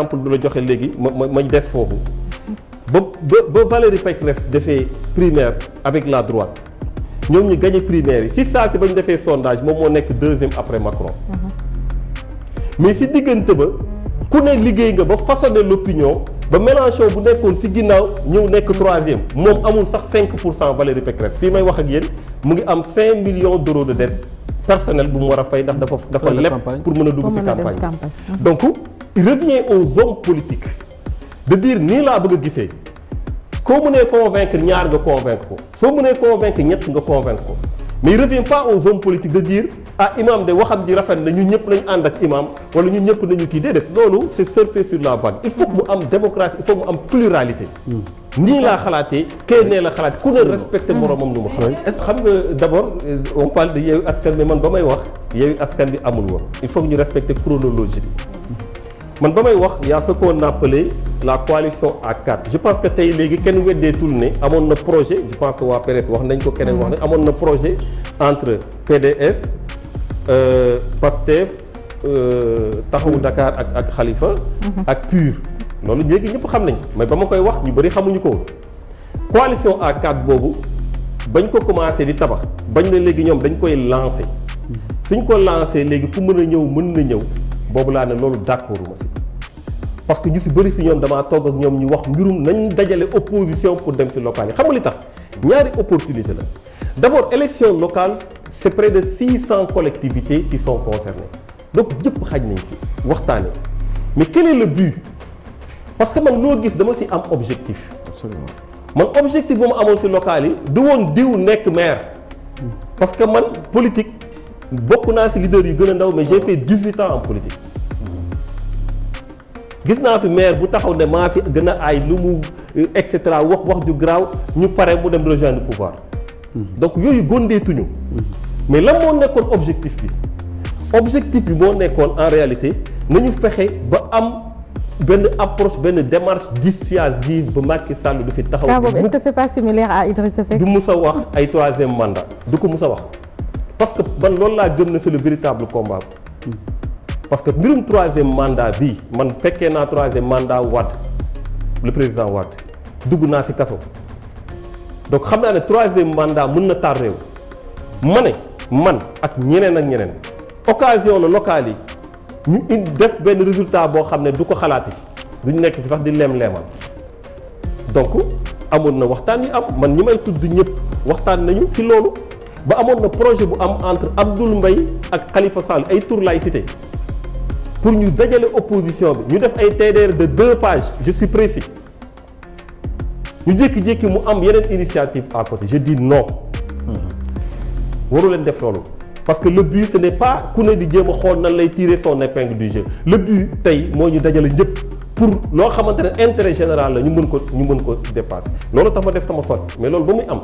exemple bi la joxe léegi ma ma des foofu ba ba Valérie Pécresse defee primaire avec la droite ñoom ñu gagné primaire yi si saa si ba ñu defee sondage moom moo nekk deuxième après Macron. Mm-hmm. mais si diggante ba ku ne liggéey nga ba façonné l'opinion ba Mélenchon bu nekkoon si ginnaaw ñëw nekk troisième moom amul sax 5 Valérie Pécresse fii may wax ak yéen mu ngi am 5 millions d'euros de dette personnelle bu mu war a fay ndax dafa dafa pour mën a dugg campagne donc il revient aux hommes politiques de dire ni la bëgg a on est convaincu, convaincre ñaar nga convaincre ko soo est convaincre ñet nga convaincre ko mais il revient pas aux hommes politiques de dire ah imam de waxam di rafet na ñu ñëpp nañu ak imam wala ñun ñëpp nañu kii déedéet loolu c'est surfer sur la vague il faut que mu am démocratie il faut mu am pluralité hmm. ni la xalaatee kee né la xalaat ku ne hmm. respecté hmm. moromam lu mu est xam nga d'abord euh, on parle de yeewu askan bi man bamay wax yeewu askan bi amul woon il faut que ñu respecter chronologie man bamay wax y' a ce la coalition A4 je pense que tey léegi kenn weddeetul ne amoon na projet je pense que wa PDS wax nañ ko keneen wax nañ mm. amoon na projet entre PDS euh, PASTEF euh, taxawu mm. Dakar ak ak Khalifa. Mm-hmm. ak PUR. lolou léegi ñep xam nañ mais ba koy wax ñu bari xamuñu ko coalition A4 bobu bañ ko commencé di tabax bañ na léegi ñom dañ koy lancer mm-hmm. suñ ko lancer léegi ku mën a ñëw mën ñëw boobu laa ne d'accorduma parce que ñu si bëri si ñoom dama togg ak ñoom ñu wax mbirum nañ dajale opposition pour dem si local yi xam nga li tax ñaari opportunité la d'abord élection locale c'est près de 600 collectivités qui sont concernées donc ñëpp xaj nañ si waxtaane mais quel est le but parce que man loo gis dama am objectif absolument man objectif bu ma amoon si local yi du woon diw nekk maire parce que man politique bokk naa fi leader yu gën ndaw mais j'ai fait 18 ans en politique gis naa fi maire bu taxaw ne maa fi gën a aay lu mu et cetera wax wax ju garaaw ñu pare mu dem rejoindre pouvoir mhm. donc yooyu góndeetuñu mais lan moo nekkoon objectif bi objectif bi moo nekkoon en réalité nañu fexe ba am ben approche benn démarche dissuasive ba Macky Sall du fi taxaw. cas boobu est-ce que c'est pas similaire à Idrissa Seck. du mus a wax ay troisième mandat du ko wax parce que man loolu laa gëm na c'est le véritable combat parce que mbirum troisième mandat bi man fekkee naa troisième mandat Wade le président Wade dugg naa ci kaso donc xam naa ne troisième mandat mën na tar réew ma ne man ak ñeneen ak ñeneen occasion na locale yi ñu indi def benn résultat boo xam ne du ko xalaati duñ nekk fi sax di leem-leemal donc amoon na waxtaan yi am man ñi may tudd ñëpp waxtaan nañu ci loolu ba amone projet bu am entre Abdoul Mbaye ak Khalifa Sall ay tour laay cité pour ñu dajale opposition bi ñu def ay TDR de deux pages je suis précis ñu jékki-jékki mu am yenen initiative à côté je dis non hmm. waru len def lolu parce que le but ce n'est pas ku ne di jéem a xool nan lay tirer son épingle du jeu le but tay mo ñu dajale ñep pour loo xamantene intérêt général la ñu mën ko ñu mën ko dépasser loolu tax ma def sama sotti mais lolu bu muy am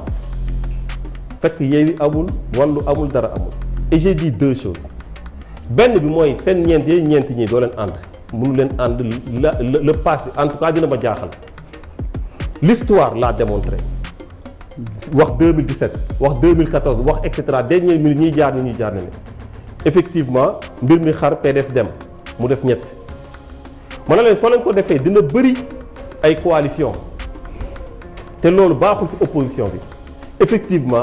fekk Yewwi amul wàllu amul dara amul et j'ai dit deux choses Ben bi moy seen ñent yooyu ñeent ñi do leen ànd mënu leen ànd le passé en tout cas dina ma jaaxal l'histoire l'a démontré wax 2017 wax 2014 wax etc dernier dernière ñi jaar ni jaar effectivement mbir mi xar pdf dem mu def ñet ma ne leen soo ko defé dina ay coalition té lolu baaxul ci opposition bi effectivement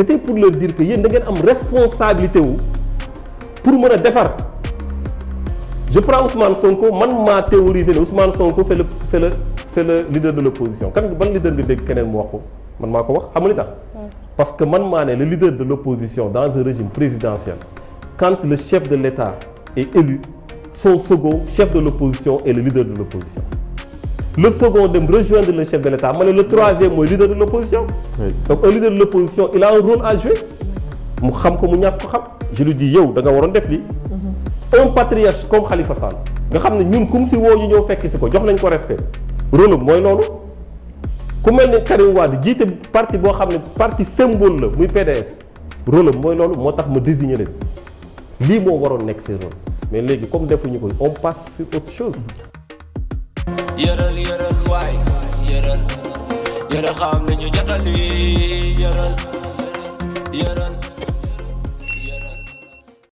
c'était pour leur dire que y a une responsabilité pour me des je prends Ousmane Sonko je m'a théorisé Ousmane Sonko c'est le le c'est le leader de l'opposition Quand ban leader de hmm. parce que man je le leader de l'opposition dans un régime présidentiel quand le chef de l'État est élu son second chef de l'opposition est le leader de l'opposition le second dem rejoindre le chef de l'État Mais le troisième moi, leader de l'opposition donc un leader de l'opposition il a un rôle à jouer mu xam ko mu je lui dis yo, da nga waroon def mhm. un patriarche comme Khalifa Sall nga xam ne ñun kum si woo ñu ñëw fekk si ko jox nañ ko respect rôle mooy loolu ku mel ne Karim Wade jiite parti boo xam parti symbole la muy PDS rôle mooy loolu moo tax ma désigner leen lii moo waroon nekk seen rôle mais léegi comme defuñu ko on passe sur autre chose yëral yëral waay yëral yëral xam nañu jotal yi yëral yëral